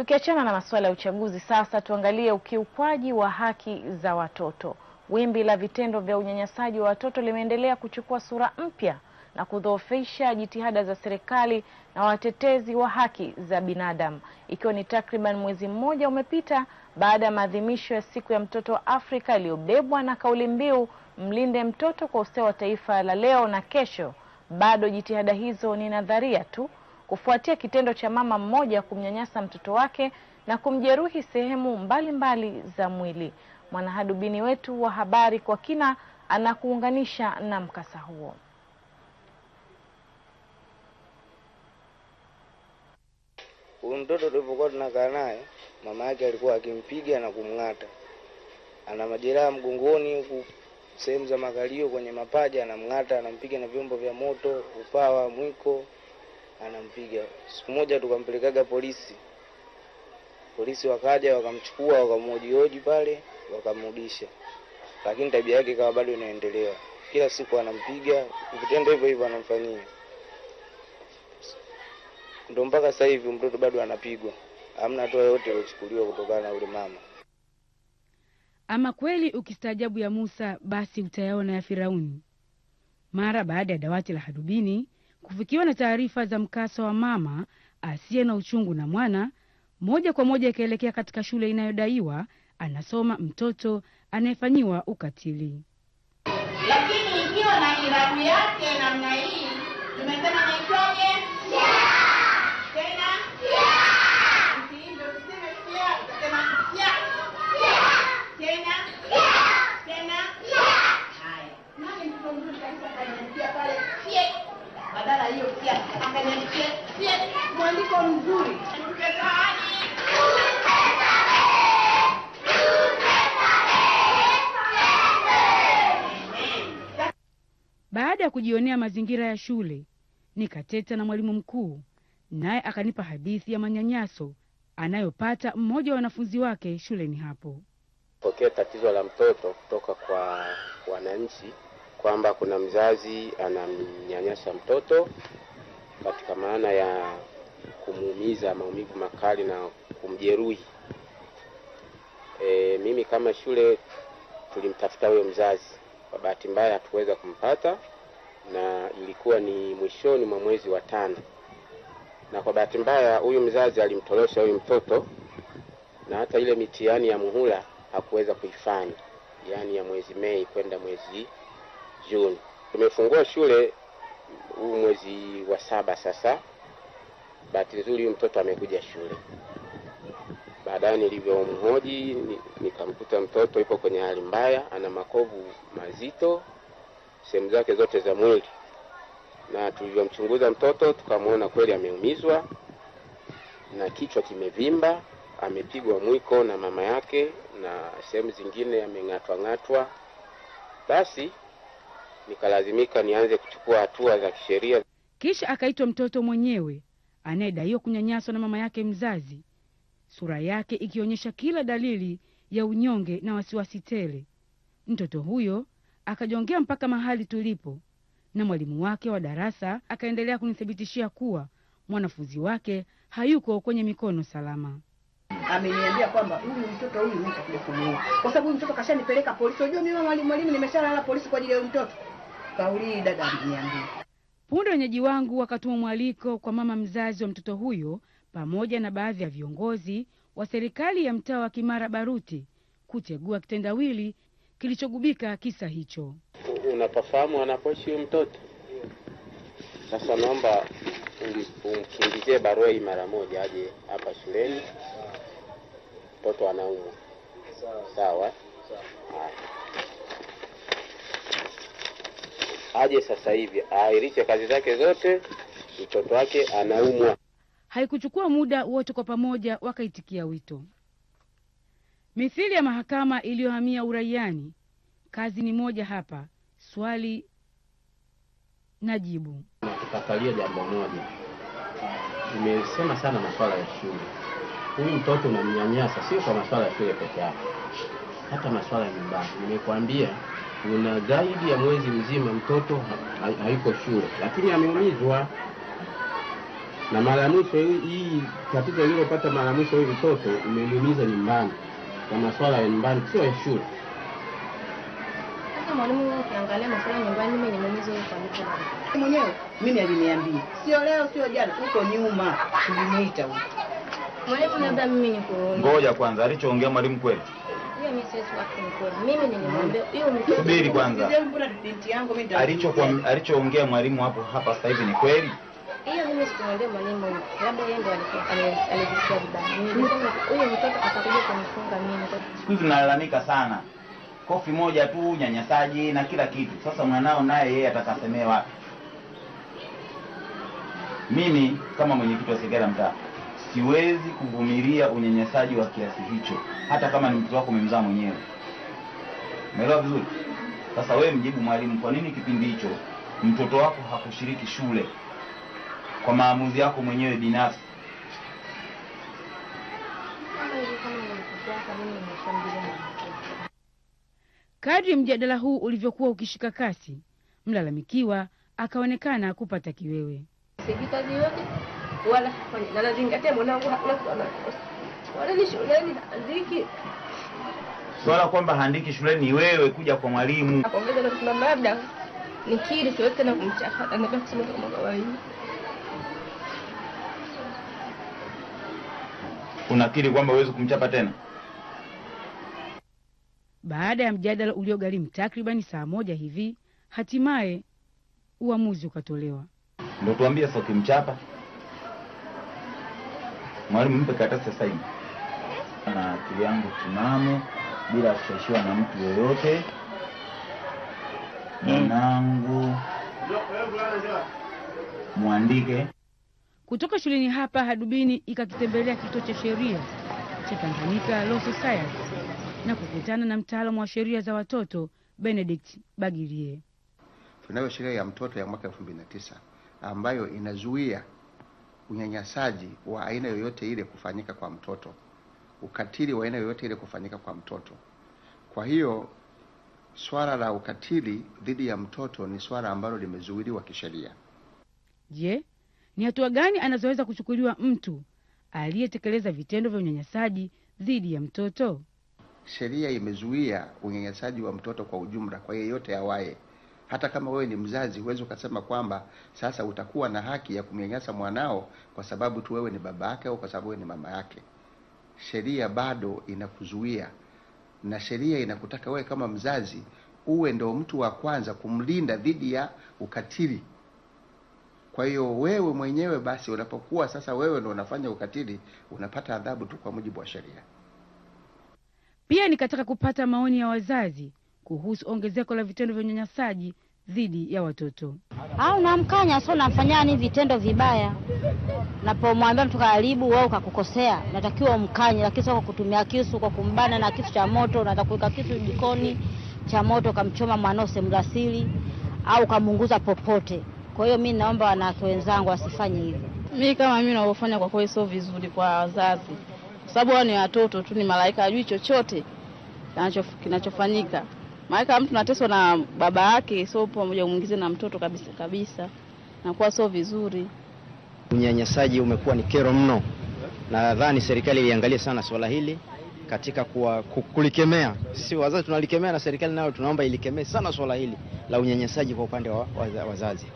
Tukiachana na masuala ya uchaguzi, sasa tuangalie ukiukwaji wa haki za watoto. Wimbi la vitendo vya unyanyasaji wa watoto limeendelea kuchukua sura mpya na kudhoofisha jitihada za serikali na watetezi wa haki za binadamu, ikiwa ni takriban mwezi mmoja umepita baada ya maadhimisho ya siku ya mtoto wa Afrika iliyobebwa na kauli mbiu mlinde mtoto kwa ustawi wa taifa la leo na kesho, bado jitihada hizo ni nadharia tu kufuatia kitendo cha mama mmoja kumnyanyasa mtoto wake na kumjeruhi sehemu mbalimbali mbali za mwili. Mwanahadubini wetu wa habari kwa kina anakuunganisha na mkasa huo. Huyu mtoto tulivyokuwa tunakaa naye, mama yake alikuwa akimpiga na kumng'ata. Ana majeraha mgongoni, huku sehemu za makalio, kwenye mapaja, anamng'ata, anampiga na vyombo vya moto, upawa, mwiko anampiga. Siku moja tukampelekaga polisi, polisi wakaja wakamchukua, wakamhojihoji pale, wakamrudisha, lakini tabia yake ikawa bado inaendelea, kila siku anampiga, vitendo hivyo hivyo anamfanyia, ndo mpaka sasa hivi mtoto bado anapigwa, hamna hatua yote iliyochukuliwa kutokana na ule mama. Ama kweli ukistaajabu ya Musa, basi utayaona ya Firauni. Mara baada ya dawati la hadubini Kufikiwa na taarifa za mkasa wa mama asiye na uchungu na mwana, moja kwa moja ikaelekea katika shule inayodaiwa anasoma mtoto anayefanyiwa ukatili. Lakini ikiwa na irabu yake namna hii, tumesema naitwaje? mwandiko mzuri Baada ya kujionea mazingira ya shule, nikateta na mwalimu mkuu, naye akanipa hadithi ya manyanyaso anayopata mmoja wa wanafunzi wake shuleni hapo. pokea tatizo la mtoto kutoka kwa wananchi kwamba kuna mzazi anamnyanyasa mtoto katika maana ya kumuumiza maumivu makali na kumjeruhi. E, mimi kama shule tulimtafuta huyo mzazi, kwa bahati mbaya hatuweza kumpata, na ilikuwa ni mwishoni mwa mwezi wa tano, na kwa bahati mbaya huyu mzazi alimtorosha huyu mtoto, na hata ile mitihani ya muhula hakuweza kuifanya, yaani ya mwezi Mei kwenda mwezi Juni. Tumefungua shule huu mwezi wa saba sasa. Bahati nzuri huyu mtoto amekuja shule. Baadaye nilivyomhoji nikamkuta mtoto yupo kwenye hali mbaya, ana makovu mazito sehemu zake zote za mwili, na tulivyomchunguza mtoto tukamwona kweli ameumizwa na kichwa kimevimba, amepigwa mwiko na mama yake na sehemu zingine ameng'atwa ng'atwa. Basi nikalazimika nianze kuchukua hatua za kisheria. Kisha akaitwa mtoto mwenyewe anayedaiwa kunyanyaswa na mama yake mzazi, sura yake ikionyesha kila dalili ya unyonge na wasiwasi tele. Mtoto huyo akajongea mpaka mahali tulipo, na mwalimu wake wa darasa akaendelea kunithibitishia kuwa mwanafunzi wake hayuko kwenye mikono salama. Ameniambia kwamba huyu mtoto huyu, kwa sababu huyu mtoto kashanipeleka polisi. Unajua mimi mwalimu, mwalimu, nimeshalala polisi kwa ajili ya huyu mtoto kauli hii dada aliniambia. Punde wenyeji wangu wakatuma mwaliko kwa mama mzazi wa mtoto huyo pamoja na baadhi ya viongozi wa serikali ya mtaa wa Kimara Baruti kutegua kitendawili kilichogubika kisa hicho. Unapafahamu anapoishi huyu mtoto sasa, naomba umkingizie um, barua hii mara moja, aje hapa shuleni. Mtoto anaumwa. Sawa, sawa. aje sasa hivi aahirishe kazi zake zote, mtoto wake anaumwa. Haikuchukua muda, wote kwa pamoja wakaitikia wito. Mithili ya mahakama iliyohamia uraiani, kazi ni moja hapa, swali na jibu. Natutakalia jambo moja, imesema sana masuala ya shule. Huyu mtoto unamnyanyasa, sio kwa masuala ya shule peke yake, hata masuala ya nyumbani. Nimekwambia kuna zaidi ya mwezi mzima mtoto hayuko shule, lakini ameumizwa. Na mara mwisho hii tatizo lililopata mara mwisho hii mtoto umeliumiza nyumbani, kwa masuala ya nyumbani, sio ya shule. Sasa mwalimu, ukiangalia masuala ya nyumbani, mimi nimeumizwa hiyo familia mwenyewe, mimi aliniambia sio leo, sio jana, huko nyuma nimeita huko. Mwalimu, labda mimi nikuone. Ngoja kwanza, alichoongea mwalimu kweli? Subiri kwanza, alichoongea mwalimu hapo hapa sasa hivi ni kweli? Hiyo mimi mwalimu, labda yeye ndo alijisikia vibaya. mtoto atakuja kunifunga mimi. Siku hizi nalalamika sana, kofi moja tu, nyanyasaji na kila kitu. Sasa mwanao naye yeye atakasemea wapi? Mimi kama mwenyekiti wa serikali mtaa siwezi kuvumilia unyanyasaji wa kiasi hicho hata kama ni mtoto wako umemzaa mwenyewe. Umeelewa vizuri? Sasa wewe mjibu mwalimu, kwa nini kipindi hicho mtoto wako hakushiriki shule kwa maamuzi yako mwenyewe binafsi? Kadri mjadala huu ulivyokuwa ukishika kasi, mlalamikiwa akaonekana kupata kiwewe. Sijitaji yote wala na mwanangu hakuna kitu anakosa Mwalimu shuleni naandiki. Swala kwamba handiki shuleni ni wewe kuja kwa mwalimu. Akaongeza na kusema labda nikiri siwezi tena kumchafata, nabaki kusoma kama kawaida. Unakiri kwamba huwezi kumchapa tena? Baada ya mjadala uliogharimu takribani saa moja hivi, hatimaye uamuzi ukatolewa. Ndio tuambie, sasa ukimchapa mwalimu mpe karatasi ya saini na akili yangu timamu bila kushawishiwa na mtu yoyote. Hmm. Mwanangu mwandike kutoka shuleni hapa. Hadubini ikakitembelea kituo cha sheria cha Tanganyika Law Society na kukutana na mtaalamu wa sheria za watoto Benedict Bagirie. Tunayo sheria ya mtoto ya mwaka 2009 ambayo inazuia unyanyasaji wa aina yoyote ile kufanyika kwa mtoto ukatili wa aina yoyote ile kufanyika kwa mtoto. Kwa hiyo swala la ukatili dhidi ya mtoto ni swala ambalo limezuiliwa kisheria. Je, ni hatua gani anazoweza kuchukuliwa mtu aliyetekeleza vitendo vya unyanyasaji dhidi ya mtoto? Sheria imezuia unyanyasaji wa mtoto kwa ujumla kwa yeyote awaye. Hata kama wewe ni mzazi, huwezi ukasema kwamba sasa utakuwa na haki ya kumnyanyasa mwanao kwa sababu tu wewe ni baba yake au kwa sababu wewe ni mama yake sheria bado inakuzuia na sheria inakutaka wewe kama mzazi uwe ndo mtu wa kwanza kumlinda dhidi ya ukatili. Kwa hiyo wewe mwenyewe basi, unapokuwa sasa wewe ndo unafanya ukatili, unapata adhabu tu kwa mujibu wa sheria. Pia nikataka kupata maoni ya wazazi kuhusu ongezeko la vitendo vya unyanyasaji dhidi ya watoto au namkanya so namfanyani vitendo vibaya. Napomwambia mtu karibu, wewe ukakukosea, natakiwa umkanye, lakini sio kwa kutumia kisu, kwa kumbana na kisu cha moto. Unataka kuweka kisu jikoni cha moto, ukamchoma mwanao sehemu siri au ukamunguza popote. Kwa hiyo mi naomba wanawake wenzangu wasifanye hivyo. Mi kama mimi navyofanya, kwa kweli sio vizuri kwa wazazi, kwa sababu wao ni watoto tu, ni malaika, hajui chochote kinachofanyika maana kama mtu nateswa na baba yake, so pamoja umwingize na mtoto kabisa kabisa, nakuwa sio vizuri. Unyanyasaji umekuwa ni kero mno, nadhani serikali iliangalia sana swala hili katika kuwa, kulikemea. Si wazazi tunalikemea, na serikali nayo tunaomba ilikemee sana swala hili la unyanyasaji kwa upande wa wazazi.